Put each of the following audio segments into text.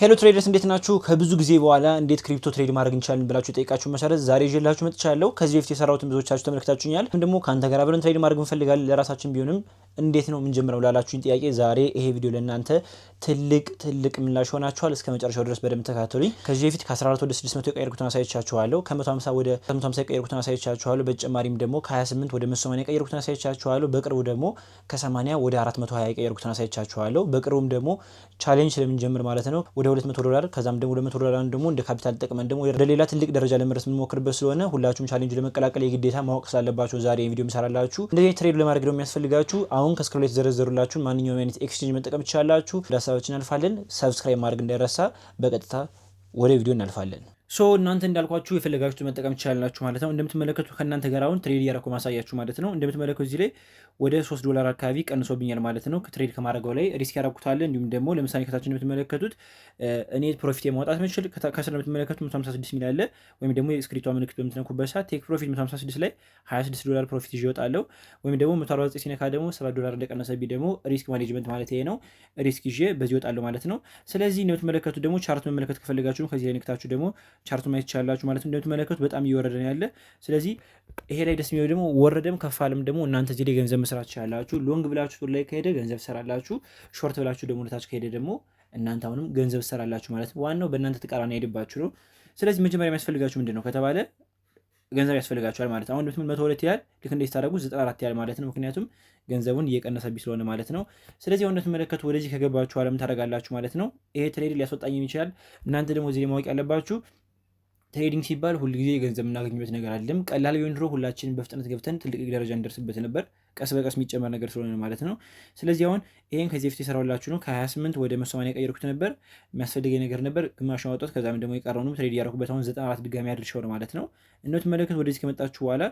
ሄሎ ትሬደርስ እንዴት ናችሁ? ከብዙ ጊዜ በኋላ እንዴት ክሪፕቶ ትሬድ ማድረግ እንችላለን ብላችሁ የጠየቃችሁ መሰረት ዛሬ ይዤላችሁ መጥቻለሁ። ከዚህ በፊት የሰራሁትን ብዙዎቻችሁ ተመልክታችሁኛል። ወይም ደግሞ ከአንተ ጋር አብረን ትሬድ ማድረግ እንፈልጋለን ለራሳችን ቢሆንም እንዴት ነው የምንጀምረው ላላችሁኝ ጥያቄ ዛሬ ይሄ ቪዲዮ ለእናንተ ትልቅ ትልቅ ምላሽ ሆናችኋል። እስከ መጨረሻው ድረስ በደንብ ተካተሉኝ። ከዚህ በፊት ከ14 ወደ 600 የቀየርኩትን አሳይቻችኋለሁ። ከ150 ወደ 150 የቀየርኩትን አሳይቻችኋለሁ። በተጨማሪም ደግሞ ከ28 ወደ 180 የቀየርኩትን አሳይቻችኋለሁ። በቅርቡ ደግሞ ከ80 ወደ 420 የቀየርኩትን አሳይቻችኋለሁ። በቅርቡም ደግሞ ቻሌንጅ ስለምንጀምር ማለት ነው ወደ 200 ዶላር ከዛም ደግሞ ወደ 100 ዶላር ደግሞ እንደ ካፒታል ጠቅመን ደግሞ ወደ ሌላ ትልቅ ደረጃ ለመድረስ የምንሞክርበት ስለሆነ ሁላችሁም ቻሌንጅ ለመቀላቀል የግዴታ ማወቅ ስላለባቸው ዛሬ ቪዲዮ ምሰራላችሁ። እንደዚህ ትሬድ ለማድረግ ደግሞ የሚያስፈልጋችሁ አሁን አሁን ከስክሪን ላይ ማንኛውም አይነት ኤክስቼንጅ መጠቀም ትችላላችሁ። ወደ ሀሳባችን እናልፋለን። ሰብስክራይብ ማድረግ እንዳይረሳ። በቀጥታ ወደ ቪዲዮ እናልፋለን። ሶ እናንተ እንዳልኳችሁ የፈለጋችሁ መጠቀም ትችላላችሁ ማለት ነው። እንደምትመለከቱ ከእናንተ ጋር አሁን ትሬድ እያደረኩ ማሳያችሁ ማለት ነው። እንደምትመለከቱ እዚህ ላይ ወደ ሶስት ዶላር አካባቢ ቀንሶብኛል ማለት ነው። ከትሬድ ከማድረገው ላይ ሪስክ ያደረኩታለ። እንዲሁም ደግሞ ለምሳሌ ከታች እንደምትመለከቱት እኔ ፕሮፊት የማውጣት ምችል ከስር እንደምትመለከቱት 156 ሚል አለ ወይም ደግሞ የስክሪቷ ምልክት በምትነኩበት ሰዓት ቴክ ፕሮፊት 156 ላይ 26 ዶላር ፕሮፊት ይዤ እወጣለሁ። ወይም ደግሞ 149 ሲነካ ደግሞ 7 ዶላር እንደቀነሰብኝ ደግሞ ሪስክ ማኔጅመንት ማለት ይሄ ነው። ሪስክ ይዤ በዚህ እወጣለሁ ማለት ነው። ስለዚህ እንደምትመለከቱት ደግሞ ቻርት መመለከት ከፈለጋችሁ ከዚህ ላይ ንክታችሁ ደግሞ ቻርቱ ማየት ይቻላችሁ ማለት እንደምትመለከቱ በጣም እየወረደ ነው ያለ። ስለዚህ ይሄ ላይ ደስ የሚለው ደግሞ ወረደም ከፍ አለም ደግሞ እናንተ እዚህ ላይ ገንዘብ መስራት ይቻላችሁ። ሎንግ ብላችሁ ላይ ከሄደ ገንዘብ ትሰራላችሁ። ሾርት ብላችሁ ደግሞ ወደታች ከሄደ ደግሞ እናንተ አሁንም ገንዘብ ትሰራላችሁ ማለት ነው። ዋናው በእናንተ ተቃራኒ ሄድባችሁ ነው። ስለዚህ መጀመሪያ የሚያስፈልጋችሁ ምንድን ነው ከተባለ ገንዘብ ያስፈልጋችኋል ማለት ነው። አሁን ደምትም መቶ ሁለት ያህል ልክ እንደ ስታደረጉ ዘጠና አራት ያህል ማለት ነው። ምክንያቱም ገንዘቡን እየቀነሰብኝ ስለሆነ ማለት ነው። ስለዚህ አሁን እንደምትመለከቱ ወደዚህ ከገባችሁ አለም ታደርጋላችሁ ማለት ነው። ይሄ ትሬድ ሊያስወጣኝ ይችላል። እናንተ ደግሞ እዚህ ማወቅ ያለባችሁ ትሬዲንግ ሲባል ሁልጊዜ ገንዘብ የምናገኝበት ነገር አይደለም። ቀላል ቢሆን ድሮ ሁላችንም በፍጥነት ገብተን ትልቅ ደረጃ እንደርስበት ነበር። ቀስ በቀስ የሚጨመር ነገር ስለሆነ ማለት ነው። ስለዚህ አሁን ይህን ከዚህ በፊት የሰራሁላችሁ ነው። ከ28 ወደ 180 የቀየርኩት ነበር። የሚያስፈልገኝ ነገር ነበር፣ ግማሽ አወጣሁት። ከዛም ደግሞ የቀረውንም ትሬድ ያደረኩበት አሁን 94 ድጋሚ አድርሻው ነው ማለት ነው። እንደምትመለከቱት ወደዚህ ከመጣችሁ በኋላ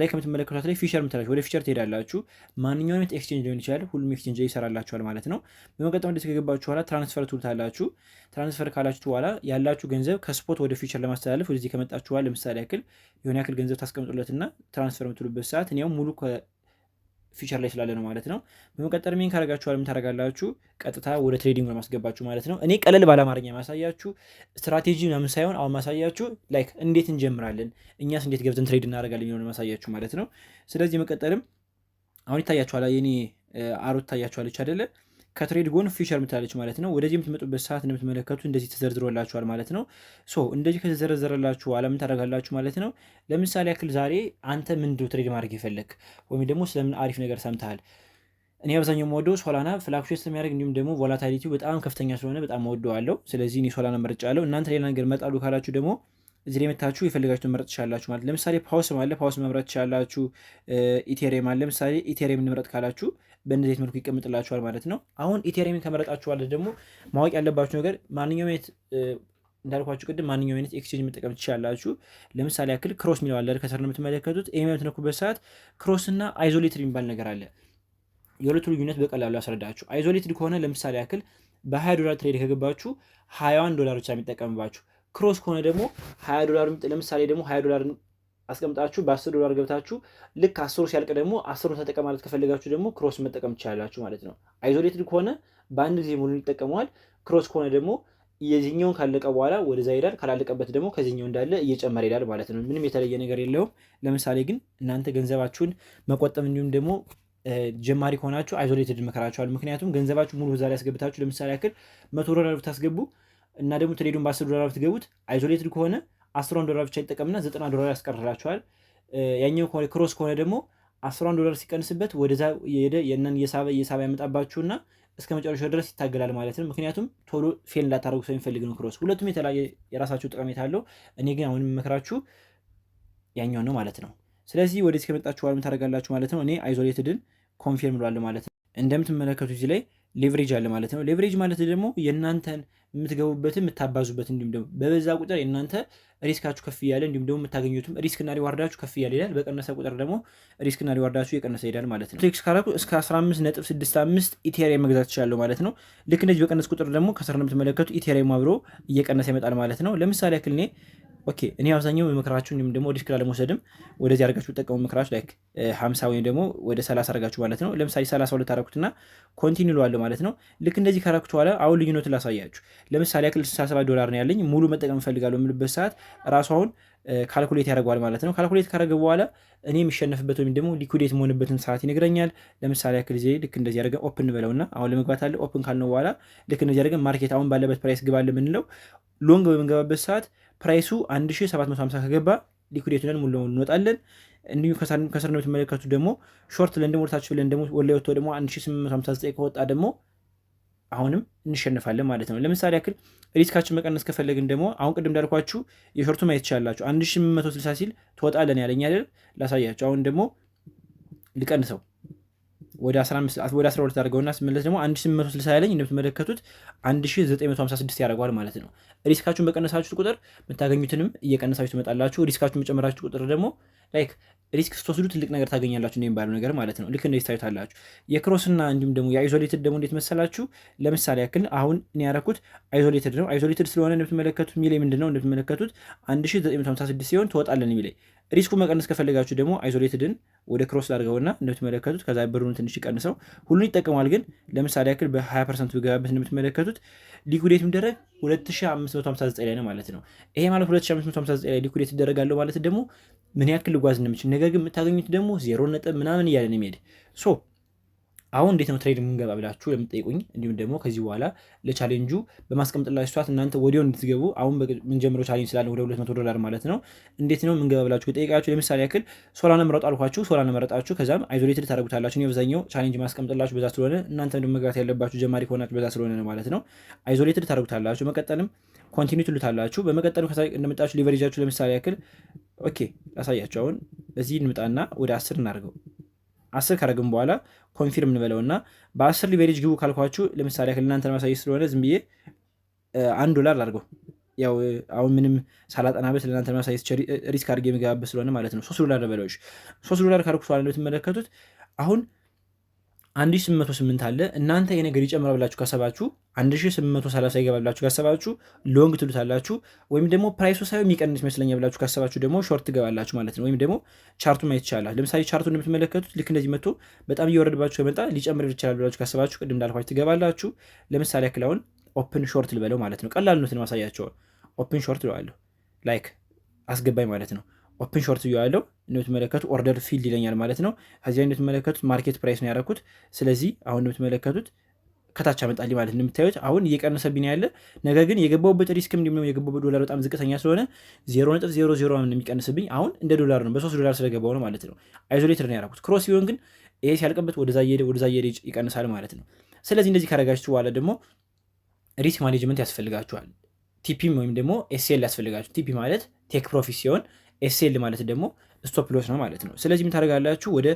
ላይ ከምትመለከቷት ላይ ፊቸር ምትላችሁ ወደ ፊቸር ትሄዳላችሁ። ማንኛውም አይነት ኤክስቼንጅ ሊሆን ይችላል። ሁሉም ኤክስቼንጅ ይሰራላችኋል ማለት ነው። በመቀጠም ወደዚህ ከገባችሁ በኋላ ትራንስፈር ቱል ታላችሁ። ትራንስፈር ካላችሁ በኋላ ያላችሁ ገንዘብ ከስፖት ወደ ፊቸር ለማስተላለፍ ወደዚህ ከመጣችኋል ለምሳሌ ያክል የሆነ ያክል ገንዘብ ታስቀምጡለትና ትራንስፈር የምትሉበት ሰዓት እኔ ሙሉ ፊቸር ላይ ስላለ ነው ማለት ነው። በመቀጠል ሜን ካረጋችኋል ታረጋላችሁ? ቀጥታ ወደ ትሬዲንግ ነው ማስገባችሁ ማለት ነው። እኔ ቀለል ባለ አማርኛ ማሳያችሁ ስትራቴጂ ምናምን ሳይሆን አሁን ማሳያችሁ ላይክ እንዴት እንጀምራለን እኛስ እንዴት ገብተን ትሬድ እናደርጋለን የሚሆን ማሳያችሁ ማለት ነው። ስለዚህ መቀጠልም አሁን ይታያችኋል የኔ አሮ ይታያችኋለች አደለም ከትሬድ ጎን ፊውቸር ምታለች ማለት ነው። ወደዚህ የምትመጡበት ሰዓት እንደምትመለከቱ እንደዚህ ተዘርዝሮላችኋል ማለት ነው። ሶ እንደዚህ ከተዘረዘረላችሁ አለምን ታደርጋላችሁ ማለት ነው። ለምሳሌ ያክል ዛሬ አንተ ምንድ ትሬድ ማድረግ የፈለግ ወይም ደግሞ ስለምን አሪፍ ነገር ሰምተሃል? እኔ አብዛኛው መወደው ሶላና ፍላክሽን ስለሚያደርግ እንዲሁም ደግሞ ቮላታሊቲው በጣም ከፍተኛ ስለሆነ በጣም መወደዋለሁ። ስለዚህ እኔ ሶላና መርጫለሁ። እናንተ ሌላ ነገር መጣሉ ካላችሁ ደግሞ እዚህ ላይ መታችሁ የፈለጋችሁ መምረጥ ትችላላችሁ። ማለት ለምሳሌ ፓውስ አለ ፓውስ መምረጥ ትችላላችሁ። ኢቴሬም አለ ለምሳሌ ኢቴሬም እንምረጥ ካላችሁ በእንደዚህ መልኩ ይቀምጥላችኋል ማለት ነው። አሁን ኢቴሬምን ከመረጣችኋለ ደግሞ ማወቅ ያለባችሁ ነገር ማንኛውም አይነት እንዳልኳችሁ ቅድም ማንኛውም አይነት ኤክስቼንጅ መጠቀም ትችላላችሁ። ለምሳሌ ያክል ክሮስ የሚለው አለ ከስር ነው የምትመለከቱት። ይህ በምትነኩበት ሰዓት ክሮስ እና አይዞሌትድ የሚባል ነገር አለ። የሁለቱ ልዩነት በቀላሉ ያስረዳችሁ። አይዞሌትድ ከሆነ ለምሳሌ ያክል በሀያ ዶላር ትሬድ ከገባችሁ ሀያዋን ዶላር ብቻ የሚጠቀምባችሁ ክሮስ ከሆነ ደግሞ ሀያ ዶላር ለምሳሌ ደግሞ ሀያ ዶላር አስቀምጣችሁ በአስር ዶላር ገብታችሁ ልክ አስሩ ሲያልቅ ደግሞ አስሩን ተጠቀም ማለት ከፈለጋችሁ ደግሞ ክሮስ መጠቀም ትችላላችሁ ማለት ነው። አይዞሌትድ ከሆነ በአንድ ጊዜ ሙሉን ይጠቀመዋል። ክሮስ ከሆነ ደግሞ የዚህኛውን ካለቀ በኋላ ወደዛ ይሄዳል። ካላለቀበት ደግሞ ከዚህኛው እንዳለ እየጨመረ ይሄዳል ማለት ነው። ምንም የተለየ ነገር የለውም። ለምሳሌ ግን እናንተ ገንዘባችሁን መቆጠብ እንዲሁም ደግሞ ጀማሪ ከሆናችሁ አይዞሌትድ መከራችኋል። ምክንያቱም ገንዘባችሁ ሙሉ ዛሬ ያስገብታችሁ ለምሳሌ ያክል መቶ ዶላር ብታስገቡ እና ደግሞ ትሬዱን በአስር ዶላር ብትገቡት አይዞሌትድ ከሆነ አስራን ዶላር ብቻ ይጠቀምና ዘጠና ዶላር ያስቀርላቸዋል። ያኛው ክሮስ ከሆነ ደግሞ አስራን ዶላር ሲቀንስበት ወደዛ የሄደ የእናን የሳበ የሳበ ያመጣባችሁና እስከ መጨረሻ ድረስ ይታገላል ማለት ነው። ምክንያቱም ቶሎ ፌል እንዳታደርጉ ስለሚፈልግ ነው ክሮስ። ሁለቱም የተለያየ የራሳችሁ ጠቀሜታ አለው። እኔ ግን አሁን የምመክራችሁ ያኛው ነው ማለት ነው። ስለዚህ ወደዚህ ከመጣችሁ ዋልም ታደርጋላችሁ ማለት ነው። እኔ አይዞሌትድን ኮንፊርም ብሏል ማለት ነው። እንደምትመለከቱ እዚህ ላይ ሌቨሬጅ አለ ማለት ነው። ሌቨሬጅ ማለት ደግሞ የእናንተን የምትገቡበትን የምታባዙበት እንዲሁም ደግሞ በበዛ ቁጥር የእናንተ ሪስካችሁ ከፍ እያለ እንዲሁም ደግሞ የምታገኙትም ሪስክና ሪዋርዳችሁ ከፍ እያለ ይላል። በቀነሰ ቁጥር ደግሞ ሪስክና ሪዋርዳችሁ የቀነሰ ይሄዳል ማለት ነው። ቴክስ ካራኩ እስከ 15.65 ኢቴሪየም መግዛት ትችላለሁ ማለት ነው። ልክ እንደዚህ በቀነስ ቁጥር ደግሞ ከስር ነው የምትመለከቱ ኢቴሪየም አብሮ እየቀነሰ ይመጣል ማለት ነው። ለምሳሌ ያክል እኔ ኦኬ እኔ አብዛኛው የምክራችሁ እንዲሁም ደግሞ ሪስክ ላለመውሰድም ወደዚህ አድርጋችሁ ጠቀሙ። ምክራችሁ ላይክ ሀምሳ ወይም ደግሞ ወደ ሰላሳ አድርጋችሁ ማለት ነው። ለምሳሌ ሰላሳ ሁለት አደረኩትና ኮንቲኒ ለዋለሁ ማለት ነው። ልክ እንደዚህ ካረኩት በኋላ አሁን ልዩነቱን ላሳያችሁ። ለምሳሌ ያክል 67 ዶላር ነው ያለኝ ሙሉ መጠቀም እፈልጋለሁ የምልበት ሰዓት ራሱ አሁን ካልኩሌት ያደርገዋል ማለት ነው። ካልኩሌት ካደረገ በኋላ እኔ የሚሸነፍበት ወይም ደግሞ ሊኩዴት መሆንበትን ሰዓት ይነግረኛል። ለምሳሌ ያክል ጊዜ ልክ እንደዚህ አድርገን ኦፕን በለውና አሁን ለመግባት አለ ኦፕን ካልነው በኋላ ልክ እንደዚህ አድርገን ማርኬት አሁን ባለበት ፕራይስ ግባ ለምንለው ሎንግ በምንገባበት ሰዓት ፕራይሱ 1750 ከገባ ሊኩዴት ሆነን ሙሉ ለሙሉ እንወጣለን። እንዲሁ ከስር ነው የምትመለከቱ ደግሞ ሾርት ለንደሞ ደግሞ ወደታች ብለን ደግሞ ወደ ወጥቶ ደግሞ 1859 ከወጣ ደግሞ አሁንም እንሸነፋለን ማለት ነው። ለምሳሌ ያክል ሪስካችን መቀነስ ከፈለግን ደግሞ አሁን ቅድም እንዳልኳችሁ የሾርቱ ማየት ትችላላችሁ። 1860 ሲል ትወጣለን ያለኝ አይደል? ላሳያችሁ። አሁን ደግሞ ልቀንሰው ወደ 12 አድርገውና ስመለስ ደግሞ 1860 ላይ እንደምትመለከቱት 1956 ያደርገዋል ማለት ነው። ሪስካችሁን በቀነሳችሁት ቁጥር የምታገኙትንም እየቀነሳችሁ ትመጣላችሁ። ሪስካችሁን በጨመራችሁ ቁጥር ደግሞ ላይክ ሪስክ ስትወስዱ ትልቅ ነገር ታገኛላችሁ የሚባለው ነገር ማለት ነው። ልክ እንደዚህ ታዩታላችሁ። የክሮስና እንዲሁም ደግሞ የአይዞሌትድ ደግሞ እንዴት መሰላችሁ? ለምሳሌ ያክል አሁን እኔ ያደረኩት አይዞሌትድ ነው። አይዞሌትድ ስለሆነ እንደምትመለከቱት ሚላይ ምንድን ነው እንደምትመለከቱት 1956 ሲሆን ትወጣለን የሚላይ ሪስኩ መቀነስ ከፈለጋችሁ ደግሞ አይሶሌትድን ወደ ክሮስ ላድርገውና እንደምትመለከቱት ከዛ ብሩን ትንሽ ይቀንሰው ሁሉን ይጠቀማል። ግን ለምሳሌ ያክል በ20 ፐርሰንት ብገባበት እንደምትመለከቱት ሊኩዴት የሚደረግ 2559 ላይ ነው ማለት ነው። ይሄ ማለት 2559 ላይ ሊኩዴት ይደረጋለሁ ማለት ደግሞ ምን ያክል ልጓዝ እንደምችል ነገር ግን የምታገኙት ደግሞ ዜሮ ነጥብ ምናምን እያለ ነው የሚሄድ ሶ አሁን እንዴት ነው ትሬድ የምንገባ ብላችሁ ለምትጠይቁኝ እንዲሁም ደግሞ ከዚህ በኋላ ለቻሌንጁ በማስቀምጥላችሁ ሰዓት እናንተ ወዲያው እንድትገቡ አሁን የምንጀምረው ቻሌንጅ ስላለ ወደ 200 ዶላር ማለት ነው እንዴት ነው የምንገባ ብላችሁ ጠይቃችሁ፣ ለምሳሌ ያክል ሶላነ ምረጡ አልኳችሁ። ሶላነ መረጣችሁ። ከዛም አይዞሌትድ ታደርጉታላችሁ። የአብዛኛው ቻሌንጅ ማስቀምጥላችሁ በዛ ስለሆነ እናንተ ደግሞ መግባት ያለባችሁ ጀማሪ ከሆናችሁ በዛ ስለሆነ ነው ማለት ነው። አይዞሌትድ ታደረጉታላችሁ። መቀጠልም ኮንቲኒ ትሉታላችሁ። በመቀጠል እንደመጣችሁ ሊቨሬጃችሁ ለምሳሌ ያክል ኦኬ ላሳያችሁ። አሁን እዚህ እንምጣና ወደ አስር እናደርገው አስር ካረግም በኋላ ኮንፊርም እንበለውና በአስር ሊቨሬጅ ግቡ ካልኳችሁ ለምሳሌ ያክል እናንተ ለማሳየት ስለሆነ ዝም ብዬ አንድ ዶላር አድርገው ያው አሁን ምንም ሳላጠናበት ለእናንተ ለማሳየት ሪስክ አድርጌ የሚገባበት ስለሆነ ማለት ነው ሶስት ዶላር በለዎች ሶስት ዶላር ካልኩ እንደምትመለከቱት አሁን 1808 አለ። እናንተ ይሄ ነገር ይጨምራል ብላችሁ ካሰባችሁ 1830 ይገባ ብላችሁ ካሰባችሁ ሎንግ ትሉታላችሁ። ወይም ደግሞ ፕራይሱ ሳይሆን የሚቀንስ ይመስለኛል ብላችሁ ካሰባችሁ ደግሞ ሾርት ትገባላችሁ ማለት ነው። ወይም ደግሞ ቻርቱ ማየት ይቻላል። ለምሳሌ ቻርቱ እንደምትመለከቱት ልክ እንደዚህ መጥቶ በጣም እየወረድባችሁ ከመጣ ሊጨምር ይችላል ብላችሁ ካሰባችሁ ቅድም እንዳልኳችሁ ትገባላችሁ። ለምሳሌ ያክል አሁን ኦፕን ሾርት ልበለው ማለት ነው። ቀላልነትን ማሳያቸውን ኦፕን ሾርት እለዋለሁ። ላይክ አስገባኝ ማለት ነው። ኦፕን ሾርት እዩ ያለው እንደምትመለከቱት ኦርደር ፊልድ ይለኛል ማለት ነው። ከዚያ እንደምትመለከቱት ማርኬት ፕራይስ ነው ያደረኩት። ስለዚህ አሁን እንደምትመለከቱት ከታች አመጣልኝ ማለት እንደምታዩት አሁን እየቀነሰብኝ ያለ ነገር ግን የገባውበት ሪስክ እንዲሁም ደግሞ የገባውበት ዶላር በጣም ዝቅተኛ ስለሆነ ዜሮ ነጥብ ዜሮ ዜሮ የሚቀንስብኝ አሁን እንደ ዶላር ነው በሶስት ዶላር ስለገባው ነው ማለት ነው። አይዞሌትድ ነው ያደረኩት። ክሮስ ሲሆን ግን ይሄ ሲያልቅበት ወደዛ እየሄደ ወደዛ እየሄደ ይቀንሳል ማለት ነው። ስለዚህ እንደዚህ ካረጋችሁ በኋላ ደግሞ ሪስክ ማኔጅመንት ያስፈልጋችኋል። ቲፒም ወይም ደግሞ ኤስኤል ያስፈልጋችሁ። ቲፒ ማለት ቴክ ፕሮፊት ሲሆን ኤስኤል ማለት ደግሞ ስቶፕ ሎስ ነው ማለት ነው። ስለዚህ ምን ታደርጋላችሁ? ወደ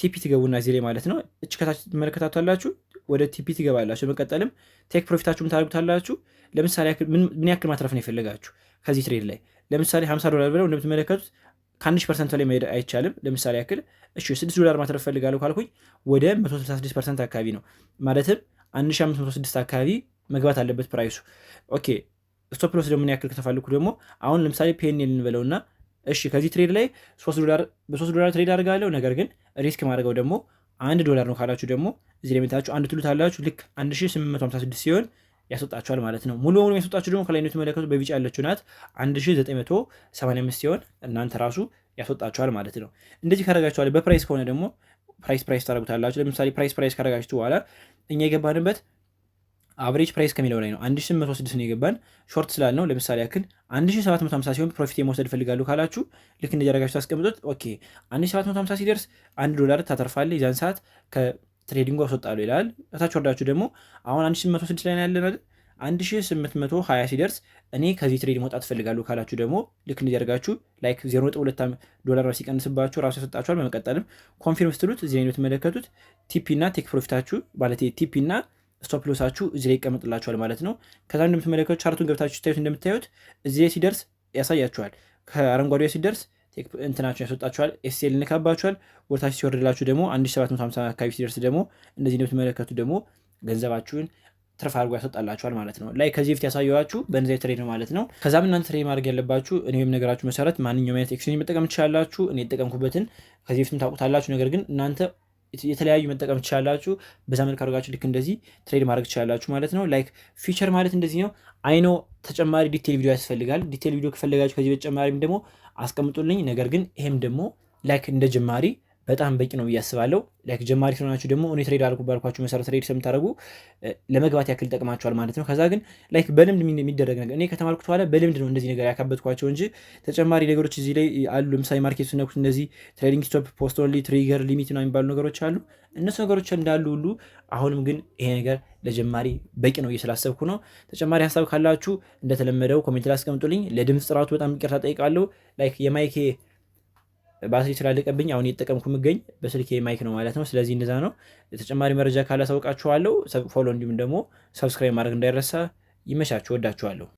ቲፒ ትገቡና እዚህ ላይ ማለት ነው እች ከታች ትመለከታታላችሁ። ወደ ቲፒ ትገባላችሁ። በመቀጠልም ቴክ ፕሮፊታችሁ ምታደርጉታላችሁ። ለምሳሌ ምን ያክል ማትረፍ ነው የፈለጋችሁ ከዚህ ትሬድ ላይ ለምሳሌ 50 ዶላር ብለው እንደምትመለከቱት ከአንድ ሺህ ፐርሰንት ላይ መሄድ አይቻልም። ለምሳሌ ያክል እሺ ስድስት ዶላር ማትረፍ ፈልጋለሁ ካልኩኝ ወደ 166 ፐርሰንት አካባቢ ነው ማለትም 1506 አካባቢ መግባት አለበት ፕራይሱ። ኦኬ ስቶፕሎስ ደግሞ ምን ያክል ከተፋልኩ ደግሞ አሁን ለምሳሌ ፔን ልንበለውና እሺ ከዚህ ትሬድ ላይ በሶስት ዶላር ትሬድ አድርጋለሁ፣ ነገር ግን ሪስክ ማድረገው ደግሞ አንድ ዶላር ነው ካላችሁ ደግሞ እዚህ ለሚታችሁ አንድ ትሉት አላችሁ። ልክ 1856 ሲሆን ያስወጣችኋል ማለት ነው። ሙሉ በሙሉ ያስወጣችሁ ደግሞ ከላይ የምትመለከቱት በቢጫ ያለችው ናት 1985 ሲሆን እናንተ ራሱ ያስወጣችኋል ማለት ነው። እንደዚህ ካረጋችኋል። በፕራይስ ከሆነ ደግሞ ፕራይስ ፕራይስ ታደረጉታላችሁ። ለምሳሌ ፕራይስ ፕራይስ ካረጋችሁ በኋላ እኛ የገባንበት አብሬጅ ፕራይስ ከሚለው ላይ ነው 1806 ነው የገባን ሾርት ስላልነው። ለምሳሌ ያክል 1750 ሲሆን ፕሮፊት የመውሰድ ፈልጋሉ ካላችሁ ልክ እንደጀረጋችሁ ታስቀምጡት። ኦኬ 1750 ሲደርስ አንድ ዶላር ታተርፋለ። የዛን ሰዓት ከትሬዲንጉ አስወጣሉ ይላል። እታች ወርዳችሁ ደግሞ አሁን 1806 ላይ ያለናል 1820 ሲደርስ እኔ ከዚህ ትሬድ መውጣት ፈልጋሉ ካላችሁ ደግሞ ልክ እንዲያደርጋችሁ ላይክ 0.2 ዶላር ሲቀንስባችሁ ራሱ ያሰጣችኋል። በመቀጠልም ኮንፊርም ስትሉት እዚህ ላይ ነው የምትመለከቱት ቲፒ እና ቴክ ፕሮፊታችሁ ማለት ቲፒ እና ስቶፕ ሎሳችሁ እዚህ ላይ ይቀመጥላችኋል ማለት ነው። ከዛ እንደምትመለከቱ ቻርቱን ገብታችሁ ስታዩት እንደምታዩት እዚህ ላይ ሲደርስ ያሳያችኋል። ከአረንጓዴ ሲደርስ እንትናችሁን ያስወጣችኋል፣ ኤስኤል እንካባችኋል። ወደታች ሲወርድላችሁ ደግሞ 1750 አካባቢ ሲደርስ ደግሞ እንደዚህ እንደምትመለከቱ ደግሞ ገንዘባችሁን ትርፍ አድርጎ ያስወጣላችኋል ማለት ነው። ላይ ከዚህ በፊት ያሳየኋችሁ በነዚ ትሬድ ነው ማለት ነው። ከዛም እናንተ ትሬድ ማድረግ ያለባችሁ እኔ የምነግራችሁ መሰረት ማንኛውም አይነት ኤክስቼንጅ መጠቀም ትችላላችሁ። እኔ የጠቀምኩበትን ከዚህ በፊትም ታውቁታላችሁ። ነገር ግን እናንተ የተለያዩ መጠቀም ትችላላችሁ። በዛ መልክ አድርጋችሁ ልክ እንደዚህ ትሬድ ማድረግ ትችላላችሁ ማለት ነው። ላይክ ፊቸር ማለት እንደዚህ ነው። አይኖ ተጨማሪ ዲቴል ቪዲዮ ያስፈልጋል። ዲቴል ቪዲዮ ከፈለጋችሁ ከዚህ በተጨማሪም ደግሞ አስቀምጡልኝ። ነገር ግን ይሄም ደግሞ ላይክ እንደ ጀማሪ በጣም በቂ ነው ብዬ አስባለሁ። ላይክ ጀማሪ ስለሆናችሁ ደግሞ እኔ ትሬድ አልኩ ባልኳችሁ መሰረት ትሬድ ስለምታደርጉ ለመግባት ያክል ይጠቅማችኋል ማለት ነው። ከዛ ግን ላይክ በልምድ የሚደረግ ነገር እኔ ከተማርኩት በኋላ በልምድ ነው እንደዚህ ነገር ያካበትኳቸው እንጂ ተጨማሪ ነገሮች እዚህ ላይ አሉ። ለምሳሌ ማርኬት ስነኩት እነዚህ ትሬዲንግ ስቶፕ፣ ፖስት ኦንሊ፣ ትሪገር ሊሚት ነው የሚባሉ ነገሮች አሉ። እነሱ ነገሮች እንዳሉ ሁሉ አሁንም ግን ይሄ ነገር ለጀማሪ በቂ ነው እየስላሰብኩ ነው። ተጨማሪ ሀሳብ ካላችሁ እንደተለመደው ኮሜንት ላይ አስቀምጡልኝ። ለድምፅ ጥራቱ በጣም ይቅርታ ጠይቃለሁ። ላይክ የማይኬ ባትሪ ስላለቀብኝ አሁን እየተጠቀምኩ የምገኝ በስልኬ ማይክ ነው ማለት ነው። ስለዚህ እንደዛ ነው። ተጨማሪ መረጃ ካላሳውቃችኋለሁ። ፎሎ እንዲሁም ደግሞ ሰብስክራይብ ማድረግ እንዳይረሳ። ይመቻችሁ። ወዳችኋለሁ።